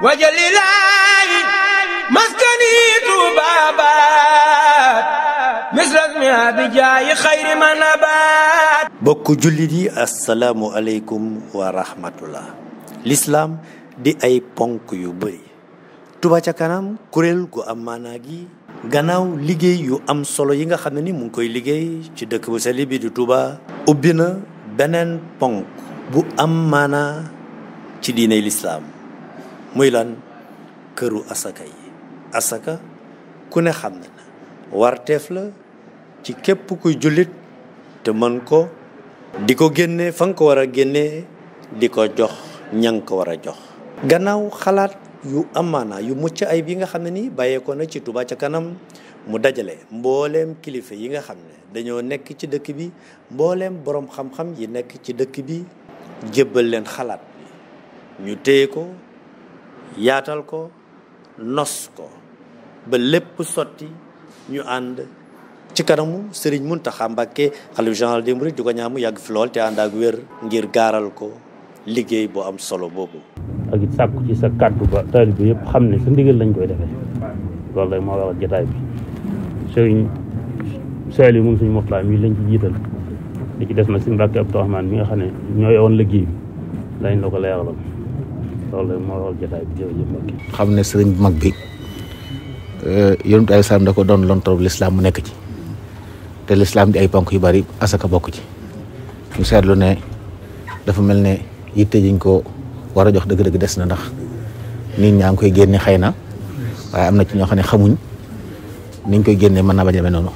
wajalilaayi maskani tuubaabaat misras mi abijaayi xayri ma nabaat bokk jullit yi asalaamu aleykum wa rahmatullah lislaam di ay ponk yu bëri Touba ca kanam kuréel gu am maanaa gi gannaaw liggéey yu am solo yi nga xam ne ni mu ngi koy liggéey ci dëkk bu sell bi di Touba ubbi na beneen ponk bu am maanaa ci diiney lislaam muy lan këru asaka yi asaka ku ne xam na warteef la ci képp kuy jullit te mën ko di ko génne fa nga ko war a génnee di ko jox ña nga ko war a jox gannaaw xalaat yu amaana yu mucc ay bi nga xam ne nii bàyyeekoo na ci Touba ca kanam mu dajale mbooleem kilifa yi nga xam ne dañoo nekk ci dëkk bi mbooleem boroom xam-xam yi nekk ci dëkk bi jébbal leen xalaat ñu téye ko yaatal ko nos ko ba lépp sotti ñu ànd ci kanamu Serigne Mountakha Mbacké xalifa général des mourides di ko ñaamu yàgg fi lool te ànd ak wér ngir gaaral ko liggéey bu am solo boobu. ak it sàkku ci sa kàddu ba taalibe bi yëpp xam ne sa ndigal lañ koy defee loolu rek moo waral jotaay bi Serigne Saliou moom suñu Mourtada mi lañ ci jiital li ci des nag suñu Mbacké Abdourahmane mi nga xam ne ñoo yowoon liggéey bi lañ la ko leeralal. loolu moo waral jotaay bi jërëjëf xam ne sëriñ bu mag bi eh, yonent ay salaam da ko doon lontor lislaam mu nekk ci te lislaam di ay ponk yu bari asaka bokk ci ñu seetlu ne dafa mel ne yitte jiñ ko war a jox dëgg-dëgg des na ndax nit ñaa ngi koy génne xëy na waaye am na ci ñoo xam ne xamuñ niñ koy génnee mën naa bañ a demee noonu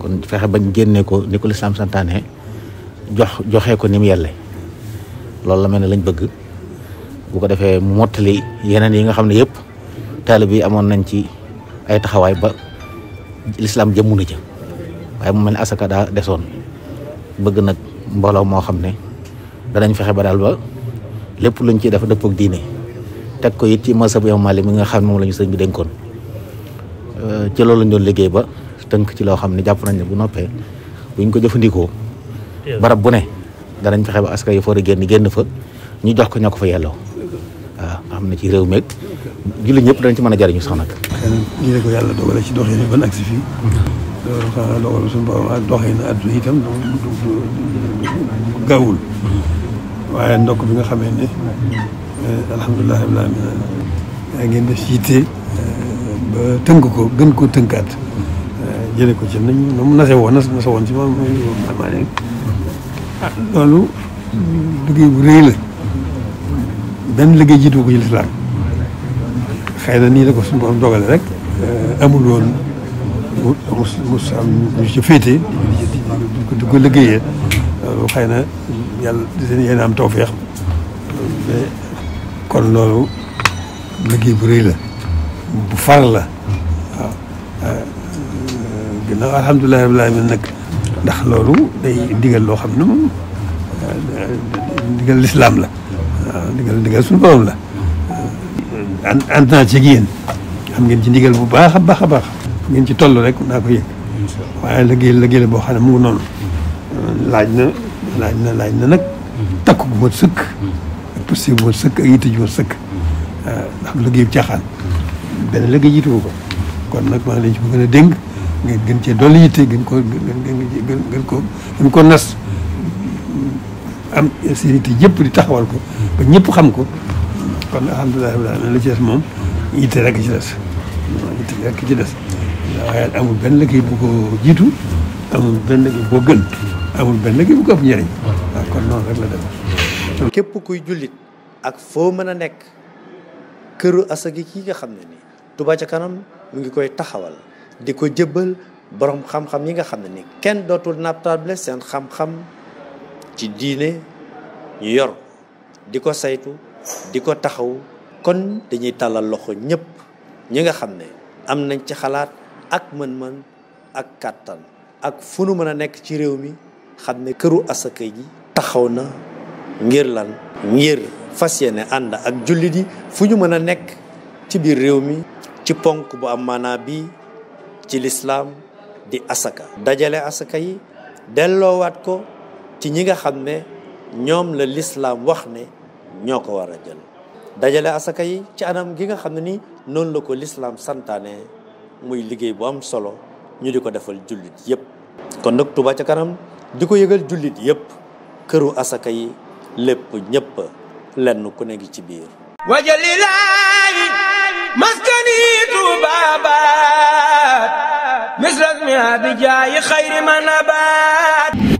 kon fexe bañ génne ko ni ko lislaam santaane jox joxe ko ni mu yelle loolu la mel ne lañ bëgg. bu ko defee mottali yeneen yi nga xam ne yëpp taalib yi amoon nañ ci ay taxawaay ba lislaam jëmmu na ca waaye mu mel ne asaka daa desoon bëgg nag mbooloo moo xam ne danañ fexe ba daal ba lépp luñ ciy def dëppook diine teg ko it ci masab Imam Malik mi nga xam moom la ñu sëñ bi dénkoon euh, ci loolu lañ doon liggéey ba tënk ci loo xam ne jàpp nañ ne bu noppee buñ ko jëfandikoo barab bu ne danañ fexe ba askan yi foore génn génn fa ñu jox ko ña ko fa yelloo xam ne ci réew meeg jullit ñëpp danañ ci mën a jariñu sax nag. xëy na lii la ko yàlla dogale ci doxin ban agsi fii. loolu xanaa dogal suñu borom ak doxin àdduna itam du gaawul. waaye ndokk bi nga xamee ne alhamdulilah rabbil alamin yaa ngeen def ci yitte ba tënk ko gën koo tënkaat jële ko ci nañ moom nase woon nase woon ci ma ma loolu liggéey bu rëy la benn liggéey jiitu ko ci lislaam xëy na nii la ko suñu borom dogale rek eh, amul woon mu mu am ñu ci féete di ko liggéeyee loolu xëy na yàlla seen yéen am tawfeex kon loolu liggéey bu rëy la bu far la waaw eh, ginnaaw alhamdulilahi rabbil alamin nag ndax loolu day ndigal loo xam ne moom eh, ndigal lislaam la waaw ndigal ndigal suñu la. ànd naa ci yéen am ngeen ci ndigal bu baax a baax a baax ngeen ci toll rek naa ko yëg waaye liggéey liggéey la boo xam ne mu ngi noonu mm-hmm. laaj na laaj na laaj na nag mm-hmm. takk bu mat sëkk mm-hmm. ak posté bu mat sëkk ak yitte ju mat sëkk ah, ndax liggéey bu caaxaan benn liggéey jiitu ko kon nag maa ngi leen ci bu gën a dénk ngeen gën cee dolli yitte gën gën gën ko gën ko nas am seen yitte yëpp di taxawal ko ba ñëpp xam ko kon alhamdulilah rabbil la ci des moom yitte rek ci des yitte ci des waaye amul benn liggéey bu ko jiitu amul benn liggéey bu ko benn liggéey bu rek la dem képp kuy jullit ak foo mën a nekk këru asaka kii nga xam ne nii Touba ca kanam mu ngi koy taxawal di ko jëbbal boroom xam-xam yi nga xam ne nii kenn dootul naatable seen xam-xam ci diine ñu yor di ko saytu di ko taxaw kon dañuy tàllal loxo ñëpp ñi nga xam ne am nañ ci xalaat ak mën-mën ak kàttan ak fu nu mën a nekk ci réew mi xam ne këru asaka ji taxaw na ngir lan ngir fas yéene ànd ak jullit yi fu ñu mën a nekk ci biir réew mi ci ponk bu am maanaa bi ci lislaam di asaka dajale asaka yi delloowaat ko ci ñi nga xam ne ñoom la lislaam wax ne ñoo ko war a jël dajale asaka yi ci anam gi nga xam ne ni noonu la ko lislaam santaane muy liggéey bu am solo ñu di ko defal jullit yépp kon nag Touba ca kanam di ko yëgal jullit yépp këru asaka yi lépp ñépp lenn ku ne ngi ci biir wajalilaayi maskani tuubaabaat misras mi abijaayi xayri manabaat